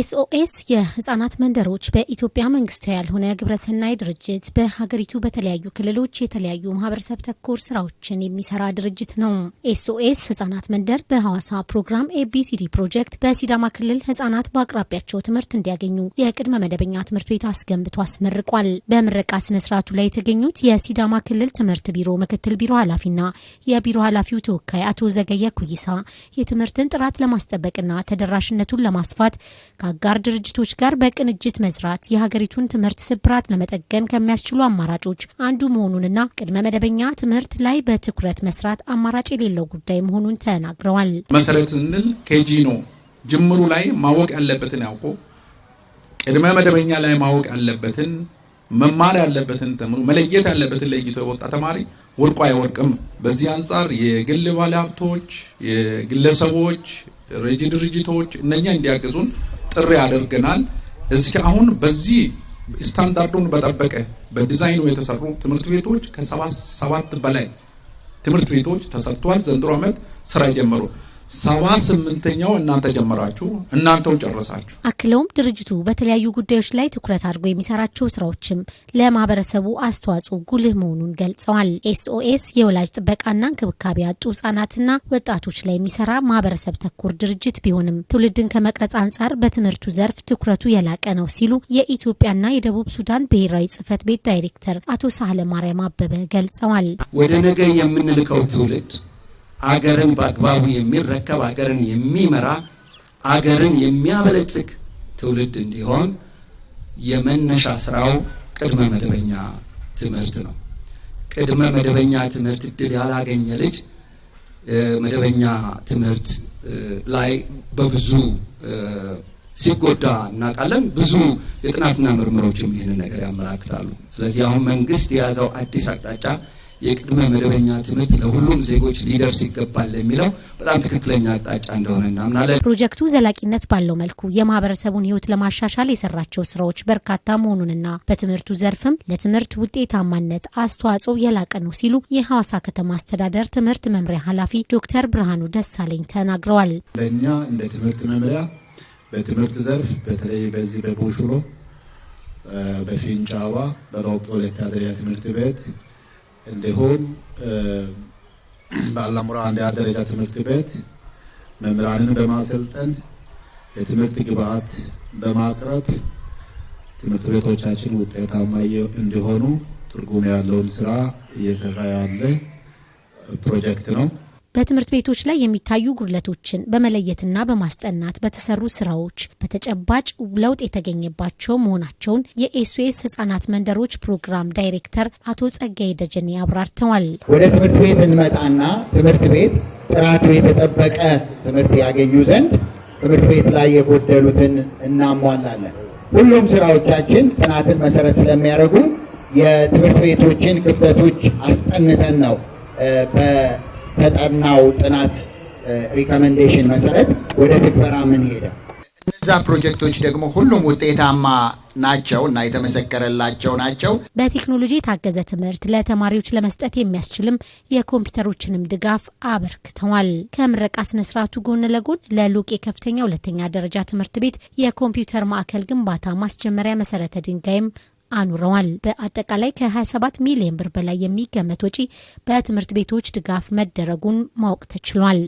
ኤስኦኤስ የህጻናት መንደሮች በኢትዮጵያ መንግስታዊ ያልሆነ ግብረሰናይ ድርጅት በሀገሪቱ በተለያዩ ክልሎች የተለያዩ ማህበረሰብ ተኮር ስራዎችን የሚሰራ ድርጅት ነው። ኤስኦኤስ ህጻናት መንደር በሐዋሳ ፕሮግራም ኤቢሲዲ ፕሮጀክት በሲዳማ ክልል ህጻናት በአቅራቢያቸው ትምህርት እንዲያገኙ የቅድመ መደበኛ ትምህርት ቤት አስገንብቶ አስመርቋል። በምረቃ ስነ ስርዓቱ ላይ የተገኙት የሲዳማ ክልል ትምህርት ቢሮ ምክትል ቢሮ ኃላፊና የቢሮ ኃላፊው ተወካይ አቶ ዘገየ ኩይሳ የትምህርትን ጥራት ለማስጠበቅና ተደራሽነቱን ለማስፋት ከአጋር ድርጅቶች ጋር በቅንጅት መስራት የሀገሪቱን ትምህርት ስብራት ለመጠገን ከሚያስችሉ አማራጮች አንዱ መሆኑንና ቅድመ መደበኛ ትምህርት ላይ በትኩረት መስራት አማራጭ የሌለው ጉዳይ መሆኑን ተናግረዋል። መሰረት ስንል ኬጂ ነው። ጅምሩ ላይ ማወቅ ያለበትን ያውቁ፣ ቅድመ መደበኛ ላይ ማወቅ ያለበትን መማር ያለበትን ተምሩ መለየት ያለበትን ለይቶ የወጣ ተማሪ ወድቆ አይወርቅም። በዚህ አንጻር የግል ባለሀብቶች፣ የግለሰቦች፣ ረጂ ድርጅቶች እነኛ እንዲያግዙን ጥሪ ያደርገናል። እስኪ አሁን በዚህ ስታንዳርዱን በጠበቀ በዲዛይኑ የተሰሩ ትምህርት ቤቶች ከሰባት በላይ ትምህርት ቤቶች ተሰርተዋል። ዘንድሮ ዓመት ስራ ጀመሩ። ሰባ ስምንተኛው እናንተ ጀመራችሁ እናንተው ጨረሳችሁ። አክለውም ድርጅቱ በተለያዩ ጉዳዮች ላይ ትኩረት አድርጎ የሚሰራቸው ስራዎችም ለማህበረሰቡ አስተዋጽኦ ጉልህ መሆኑን ገልጸዋል። ኤስኦኤስ የወላጅ ጥበቃና እንክብካቤ ያጡ ህጻናትና ወጣቶች ላይ የሚሰራ ማህበረሰብ ተኮር ድርጅት ቢሆንም ትውልድን ከመቅረጽ አንጻር በትምህርቱ ዘርፍ ትኩረቱ የላቀ ነው ሲሉ የኢትዮጵያና የደቡብ ሱዳን ብሔራዊ ጽህፈት ቤት ዳይሬክተር አቶ ሳህለ ማርያም አበበ ገልጸዋል። ወደ ነገ የምንልከው ትውልድ አገርን በአግባቡ የሚረከብ አገርን የሚመራ አገርን የሚያበለጽግ ትውልድ እንዲሆን የመነሻ ስራው ቅድመ መደበኛ ትምህርት ነው። ቅድመ መደበኛ ትምህርት እድል ያላገኘ ልጅ መደበኛ ትምህርት ላይ በብዙ ሲጎዳ እናውቃለን። ብዙ የጥናትና ምርምሮችም ይህንን ነገር ያመላክታሉ። ስለዚህ አሁን መንግስት የያዘው አዲስ አቅጣጫ የቅድመ መደበኛ ትምህርት ለሁሉም ዜጎች ሊደርስ ይገባል የሚለው በጣም ትክክለኛ አቅጣጫ እንደሆነ እናምናለን። ፕሮጀክቱ ዘላቂነት ባለው መልኩ የማህበረሰቡን ህይወት ለማሻሻል የሰራቸው ስራዎች በርካታ መሆኑንና በትምህርቱ ዘርፍም ለትምህርት ውጤታማነት አስተዋጽኦ የላቀ ነው ሲሉ የሐዋሳ ከተማ አስተዳደር ትምህርት መምሪያ ኃላፊ ዶክተር ብርሃኑ ደሳለኝ ተናግረዋል። ለእኛ እንደ ትምህርት መምሪያ በትምህርት ዘርፍ በተለይ በዚህ በቦሽሮ፣ በፊንጫዋ፣ በሮቅጦ ሁለት ደረጃ ትምህርት ቤት እንዲሁም በአላሙራ አንደኛ ደረጃ ትምህርት ቤት መምህራንን በማሰልጠን የትምህርት ግብዓት በማቅረብ ትምህርት ቤቶቻችን ውጤታማ እንዲሆኑ ትርጉም ያለውን ስራ እየሰራ ያለ ፕሮጀክት ነው። በትምህርት ቤቶች ላይ የሚታዩ ጉድለቶችን በመለየትና በማስጠናት በተሰሩ ስራዎች በተጨባጭ ለውጥ የተገኘባቸው መሆናቸውን የኤስኤስ ህጻናት መንደሮች ፕሮግራም ዳይሬክተር አቶ ጸጋይ ደጀኔ አብራርተዋል። ወደ ትምህርት ቤት እንመጣና ትምህርት ቤት ጥራቱ የተጠበቀ ትምህርት ያገኙ ዘንድ ትምህርት ቤት ላይ የጎደሉትን እናሟላለን። ሁሉም ስራዎቻችን ጥናትን መሰረት ስለሚያደርጉ የትምህርት ቤቶችን ክፍተቶች አስጠንተን ነው በተጠናው ጥናት ሪኮመንዴሽን መሰረት ወደ ትግበራ ምን ሄደ። እነዛ ፕሮጀክቶች ደግሞ ሁሉም ውጤታማ ናቸው እና የተመሰከረላቸው ናቸው። በቴክኖሎጂ የታገዘ ትምህርት ለተማሪዎች ለመስጠት የሚያስችልም የኮምፒውተሮችንም ድጋፍ አበርክተዋል። ከምረቃ ስነስርዓቱ ጎን ለጎን ለሉቅ ከፍተኛ ሁለተኛ ደረጃ ትምህርት ቤት የኮምፒውተር ማዕከል ግንባታ ማስጀመሪያ መሰረተ ድንጋይም አኑረዋል። በአጠቃላይ ከ27 ሚሊዮን ብር በላይ የሚገመት ወጪ በትምህርት ቤቶች ድጋፍ መደረጉን ማወቅ ተችሏል።